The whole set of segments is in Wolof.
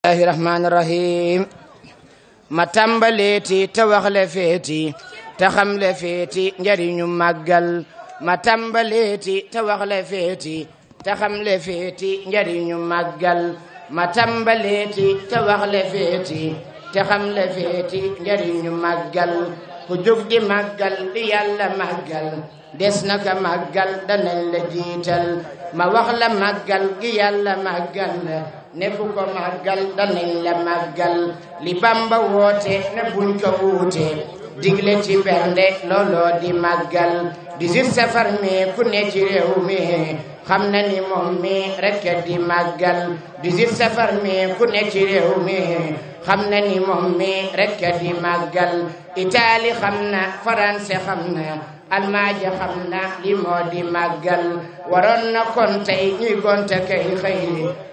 الله الرحمن الرحيم ma tàmbaleeti te wax le feeti te xam le feeti njariñu màggal ma tàmbaleeti te wax le feeti te xam le feeti njariñu màggal ma tàmbaleeti te wax le feeti te xam le feeti njariñu màggal ku jóg di màggal di yàlla màggal des na ka màggal danañ la jiital ma wax la màggal gi yàlla màggal ne fu ko màggal la màggal li bamba woote ne buñ ko digle ci bernde looloo di màggal di sit safar mi ku ne ci réew mi xam na ni moom mi rekk di màggal di sit safar mi ku ne ci réew mi xam na ni moom mi rekk di màggal itaali xam na faranse xam na a xam na li moo di màggal waroon na kon tey ñuy gonte kay xëy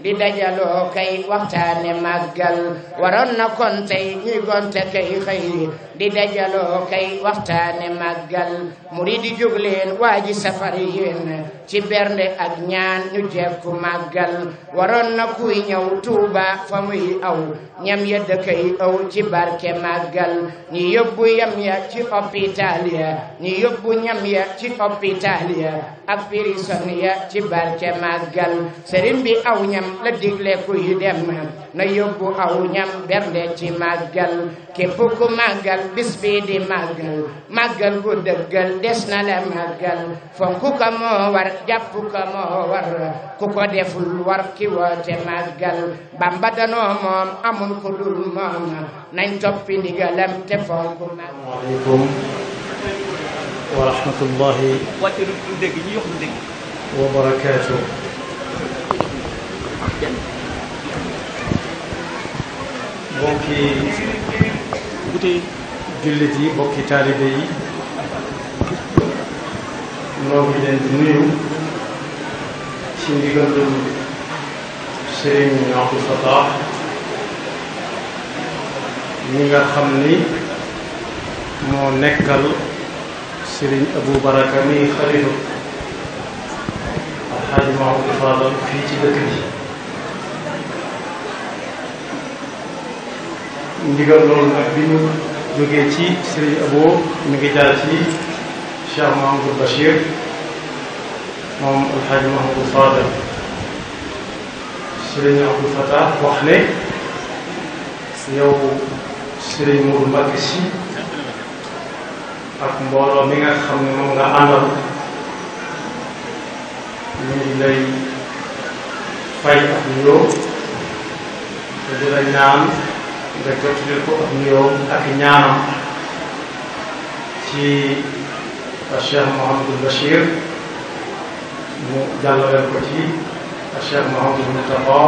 di dajaloo kay waxtaane màggal waroon na kon tey ñuy gonte kay xëy di dajaloo kay waxtaane màggal murid yi jóg leen waa ji safar yéen ci bernde ak ñaan ñu jekku màggal waroon na kuy ñëw tuuba fa muy aw ñam ya dëkkay aw ci barke màggal ñi yóbbu yam ya ci hôpital ya ñi yóbbu ñam ya ci hôpital ya ak pirison ya ci barke màggal sëriñ bi aw ñam la digle ku yi dem na yóbbu aw ñam ci màggal képp ku màggal bis bi di màggal màggal bu dëggal des na le màggal fonk ko moo war jàpp ko moo war ku ko deful war ki woote màggal Bamba danoo moom amul ku dul moom nañ toppi ndigalam te fonk màggal wa rahmatullahi wa barakaatuh bokki jullit bokki taalibe yi noo ngi leen di nuyu Fatah ñi nga xam ni moo nekkal sëriñ Abu Baraka mi xalifa alxaaji Mahamadou Fadal fii ci dëkk bi ndigal loolu nag bi ñu jógee ci sëriñ ngi jaar ci Cheikh Mahamadou Bachir moom alxaaji Mahamadou Fadal sëriñ Abdou Fatah ak mbooloo mi nga xam ne moom nga àndal ñu ngi lay fay ak nuyoo te di la ñaan nga jottali ko ak nuyoo ak ñaanam ci Cheikh Mouhamadul Bachir mu jàllale ko ci Cheikh Mouhamadul Moustapha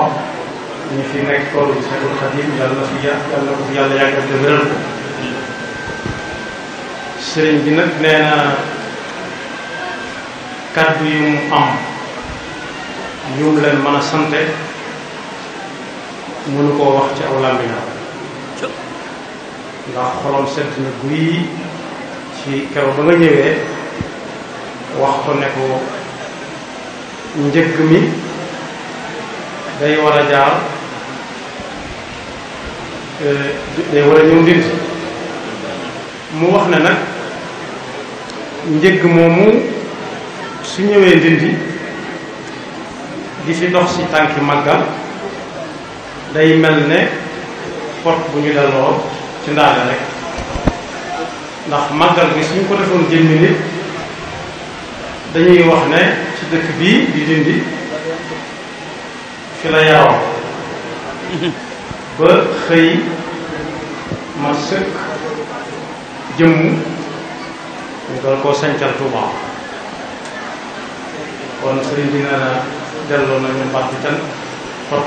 ñu fi nekk toolu Cheikhul Khadim yàlla fi yàlla ko fi yàlla yàggal te wéral ko sëriñ bi nag nee na kàddu yu mu am yum leen mën a sante mënu koo wax ci aw làmbinam ndax xolom sedd na guy ci keroog ba nga ñëwee wax ko ne ko njëgg mi day war a jaar euh, day war a ñëw ndint mu wax ne nag njëgg moomu su ñëwee ndindi di fi dox ci tànki màggal day mel ne pot bu ñu delloo ci ndaale rek ndax màggal gi suñ ko defoon jëmmi nit dañuy wax ne ci dëkk bii di dindi fi la yaram ba xëy ma sëkk jëmm ñu doon koo sancal tuumaam kon sëriñ bi nee delloo nañu mbaax bi can xor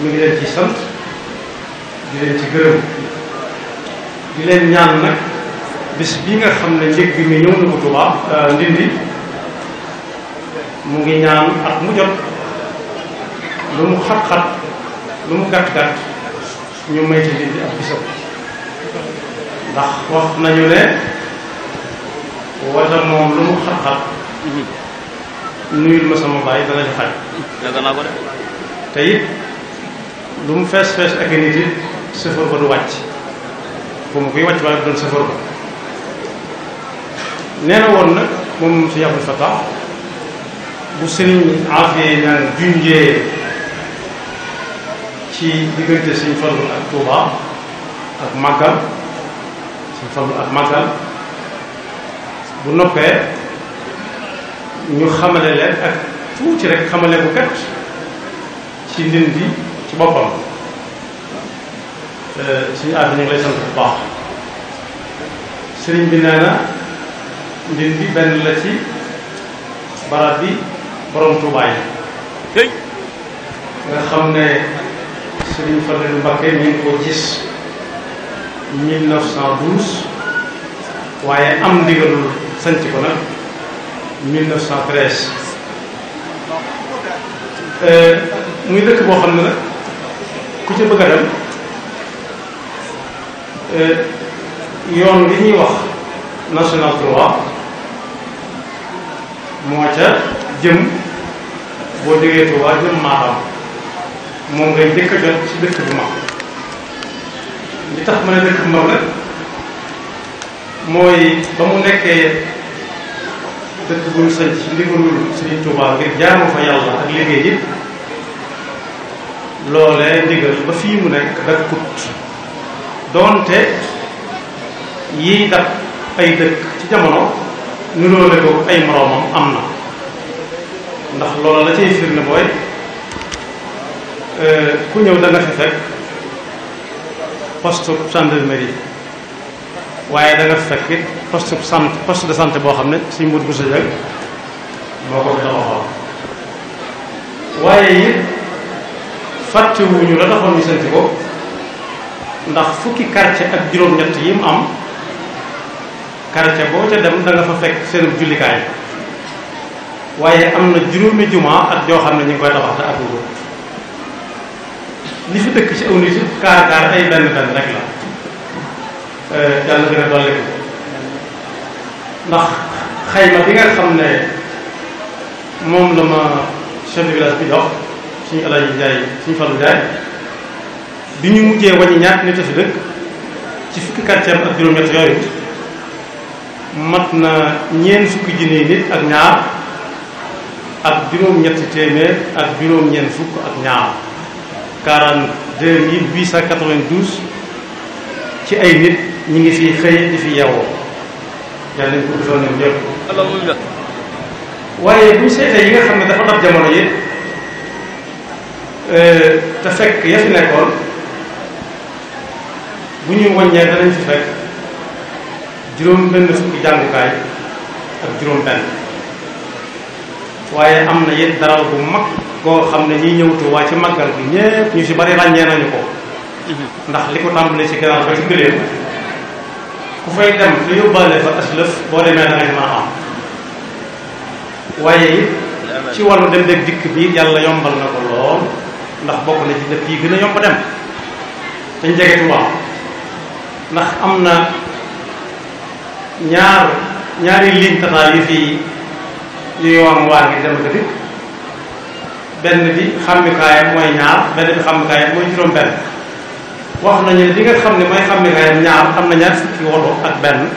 ngi leen ci sant di leen ci gërëm di leen ñaan nag bis bi nga xam ne njëg bi mi ñëw na ko Tuubaa euh, ndindi mu ngi ñaan ak mu lu mu xat-xat lu mu gàtt-gàtt ñu may ci ndindi ak bisam ndax wax nañu ne wala moom lu mu xat-xat mhm. nuyul ma sama bàyyi dana ci xaj te lu mu fees fees ak nit it sëfër ba du wàcc bu mu koy wàcc waaye du doon sëfër ba nee woon nag moom si Abdou Fatah bu sëriñ afee naan junjee ci diggante Sëriñ Fallu ak Tuuba ak Màggal suñu fadlu ak màggal bu noppee ñu xamale leen ak tuuti rek xamale ko kat ci Ndindy ci boppam euh, suñu àdduna ñu ngi lay sëriñ bi nee na Ndindy benn la ci barab bi borom Tuubaa yi nga xam ne sëriñ Fadlu Mbakke ñu ngi ko gis 1912 waaye am ndigalul sanc ko nag 1913 eh, muy dëkk boo xam ne nag ku ci bëgg a dem eh, yoon li ñuy wax national 3 moo ca jëm boo jógee Tuubaa jëm Matam moom ngay njëkk a jot ci dëkk bu li tax mën a dëkk moom nag mooy ba mu nekkee dëkk bu ñu sañ ci ndigalul Sëriñ Tuubaa ngir jaamu fa yàlla ak liggéey yi loolee ndigal ba fii mu nekk dakkut doonte yiy dab ay dëkk ci jamono ñu loole ay moroomam am na ndax loola la cay firnde mooy euh, ku ñëw da fi fekk poste gendarmerie waaye da nga fekk it poste sant poste de santé boo xam ne si mbut bu sa jël moo ko taxawoon waaye it fàttewuñu la taxoon ñu santi ko ndax fukki quartier ak juróom-ñett yi mu am quartier boo ca dem da fa fekk seen jullikaay waaye am na juróomi jumaa ak joo xam ne ñu ngi koy tabax te ak li fi dëkk ci aw nit kaar kaar ay benn benn rek la euh, yàlla gën a dolli ndax xayma bi nga xam ne moom la ma chef de village bi jox suñu El Hadj Ndiaye suñu Fallou bi ñu mujjee wàññi nit a fi dëkk ci fukki quartier ak juróom-ñett yooyu mat na ñeent fukki junni nit ak ñaar ak juróom-ñetti téeméer ak juróom-ñeent fukk ak ñaar. quarante-deux mille huit cent quatre-vingt-douze ci ay nit ñi ngi fi xëy di fi yewoo yàlla nañ ko guddal ñoom ñëpp waaye bu ñu yi nga xam ne dafa dab jamono yi euh, te fekk ya fi nekkoon bu ñuy wàññee danañ fi fekk juróom benn fukki jàngukaay ak juróom benn waaye am na yit dara bu mag koo xam ne ñiy ñëw Tuubaa ci màggal bi ñëpp ñu si bari ràññee nañu ko mhm. ndax li ko tàmbalee ci ganaar ba ci gëléem ku fay dem lu yóbbaale fa aslëf boo demee da ngay mën a am waaye ci wàllu dem dég dikk bi yàlla yombal na ko lool ndax bokk na ci dëkk yi gën a yomb dem dañ jege Tuubaa ndax am na ñaar ñaari ligne tataal yi fii yuy wax waa ngi dem ko dikk benn bi xàmmikaayam mooy ñaar benn bi xàmmikaayam mooy juróom-benn wax nañu ne li nga xam ne mooy xàmmikaayam ñaar am na ñaar fukki woto ak benn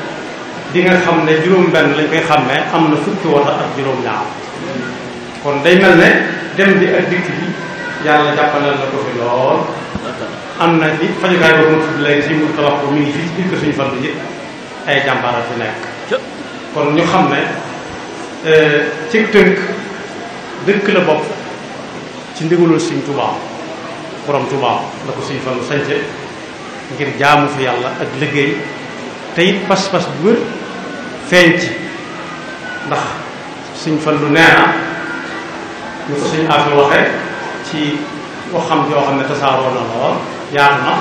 di nga xam ne juróom-benn lañ koy xàmmee am na fukki woto ak juróom-ñaar kon day mel ne dem bi ak dikk bi yàlla jàppalal na ko fi lool. am na ni fajukaay boobu ma tudd léegi si mu tabax ko ngi fii ci biir suñu fan bi yëpp ay jàmbaara fi nekk. kon ñu xam ne euh, ci tënk dëkk la bopp. ci ndigalul sëñ Tuubaa borom Tuubaa la ko sëñ Fallu sañce ngir jaamu fi yàlla ak liggéey te it pas-pas bu wér feeñ ci ndax sëñ fan lu na ñu ko sëñ Afi waxee ci waxam joo xam ne tasaaroo na lool yaatu na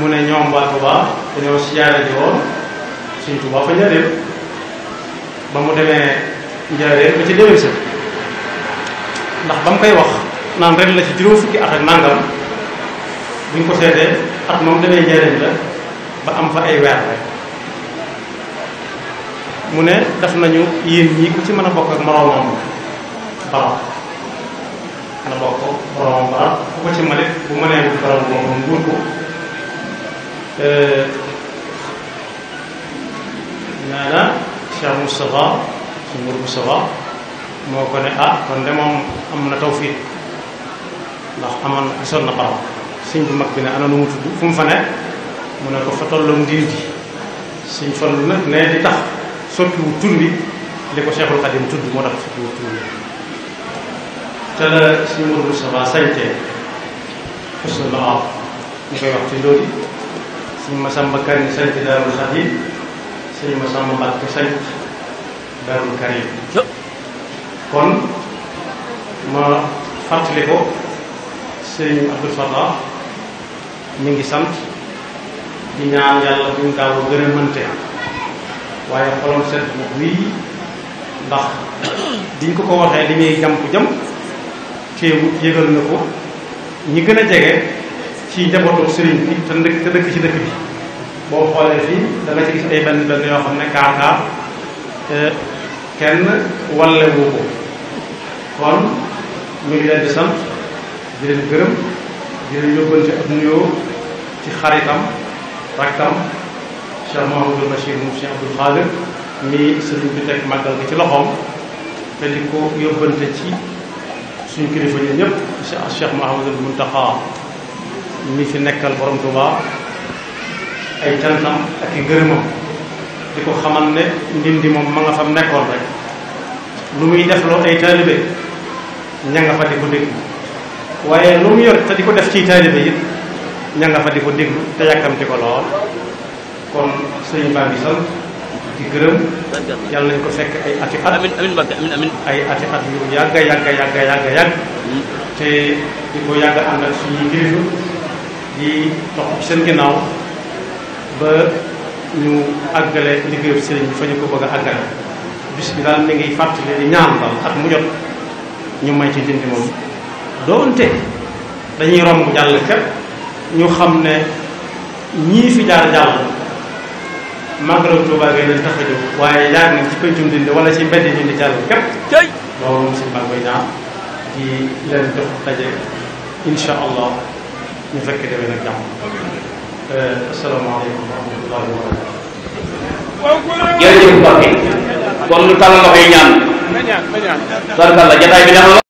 mu ne ñoom waa Tuubaa dañoo siyaare ji woon sëñ Tuubaa fa njëriñ ba mu demee njëriñ ba ci déwén si ndax ba mu koy wax naan ren la ci juróom fukki at ak nangam bu ko seetee at moom demee njëriñ la ba am fa ay weer rek mu ne def nañu yéen ñii ku ci mën a bokk ak moroomam barab na bokk moroomam barab ku ko ci mënit bu mënee wut barab boobu nguur ko nee na Cheikh Moustapha ci moo ko ne ah kon de am na tawfiit ndax amoon na gisoon na borom sëñ bu mag bi ne ana nu mu tudd fu mu fa ne mu ne ko fa tolloon ndiir ji sëñ Fallu nag ne di tax soppiwu tur bi li ko Cheikhul Xadim tudd moo tax soppiwu tur bi te la sëñ Mourou Saba sañtee xusnul maqaam ñu koy wax ci loolu sëñ Masamba Karim sañt Daarul Xadim sëñ Masamba Mbàkke sañt Daarul Karim kon ma fàttali ko sëriñ Abdou Fatah mi ngi sant di ñaan yàlla buñ gaaw a gën a mënte waaye xolam set bi wii ndax diñ ko ko waxee li ñuy jam ku jam teewut yëgal na ko ñi gën a jege ci njabootu sëriñ bi te dëkk te dëkk ci dëkk bi boo xoolee fii da ci gis ay benn benn yoo xam ne kaar kaar kenn wallewoo ko kon mi ngi leen di di leen gërëm di leen yóbbante ak nuyoo ci xaritam rakkam Cheikh Mouhamadou Bachir moom Cheikh Abdoul Khadir mi sëriñ gi ci loxoom te di ko yóbbante ci suñu kilifa ñun ñëpp Cheikh Mouhamadou Mountakha mi fi nekkal borom Tuubaa ay cantam ak i ngërëmam di ko xamal ne ndindi moom ma nga fam nekkoon rek lu muy def loo ay taalibe ña nga fa di ko déglu waaye lu mu yor te di ko def ciy taalibe yëpp ña nga fa di ko déglu te yàkkamti ko lool kon sëriñ baa ngi di gërëm yàlla nañ ko fekk ay ati at amiin amiin Mbacke amiin yu yàgga yàgga yàgga yàgg te di ko yàgg ànd ak suñuy kilifa di tox seen ginnaaw ba ñu àggale liggéeyu sëriñ bi fa ñu ko bëgg a àggale bis bi daal mi ngi fàttali di ñaan daal at mu jot ñu may ci dindi moom doonte dañuy romb jàll képp ñu xam ne ñii fi jaar jàll màggalu Tuubaa ngay leen tax a waaye yaag nañ ci pëncum dindi wala ci mbedd dindi jàll képp loolu moom suñu koy ñaan di leen jox daje insha allah ñu fekk demee nag jàmm euh, asalaamaaleykum wa rahmatullahi wa barakatuh jërëjëf mbokk yi kon lu tàll loxo yi ñaan barkalla jataay bi dama